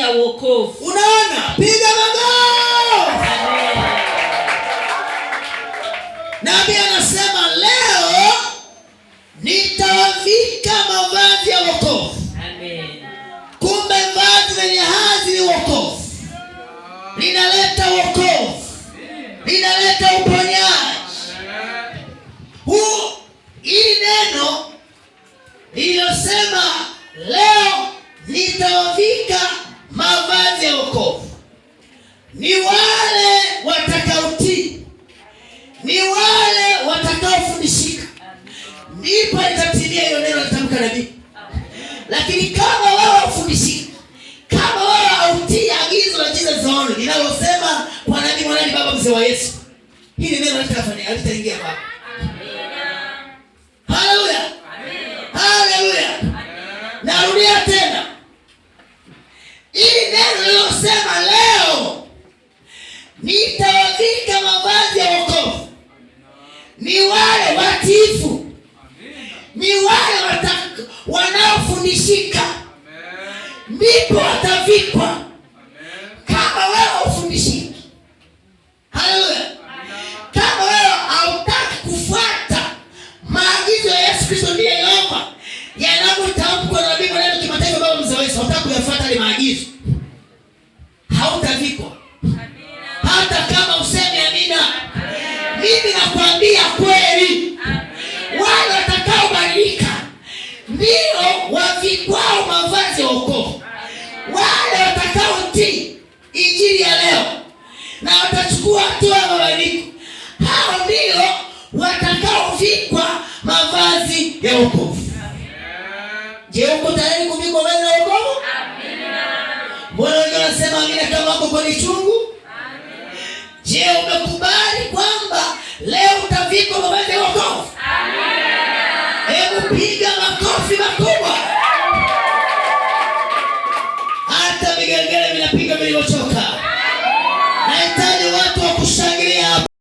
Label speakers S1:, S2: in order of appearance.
S1: ya wokovu.
S2: Unaona, piga magoti. nabi anasema leo nitawavika mavazi ya wokovu. Amen. Kumbe vazi lenye hadhi ni wokovu, linaleta wokovu, linaleta uponyaji. Huu hii neno lililosema leo nitawavika ni wale watakaotii, ni wale watakaofundishika, ndipo itatimia hiyo neno litamka nabii. Lakini kama wao hawafundishiki, kama wao hawautii agizo la Jesus linalosema kwa nabii, mwanani baba mzee wa Yesu, hili neno halitaingia hapa. nitawavika mavazi ya wokovu. Ni wale watiifu, ni wale wanaofundishika, ndipo watavikwa. Kama wewe ufundishiki, haleluya! Kama wewe hautaki kufuata maagizo ya Yesu Kristo, ndiye Yehova yanavyotamkwa hata kama useme amina. Mimi nakwambia kweli, wale watakaobadilika ndio wavikwao mavazi ya wokovu, wale watakaotii injili ya leo na watachukua hatua ya mabadiliko, hao ndio watakaovikwa mavazi ya wokovu. Je, uko tayari kuvikwa mavazi ya wokovu? Mbona wengi wanasema amina kama wako kwenye chungu umekubali kwamba leo utavikwa mavazi ya wokovu. Hebu piga makofi makubwa, hata vigengele vinapiga vilivyochoka.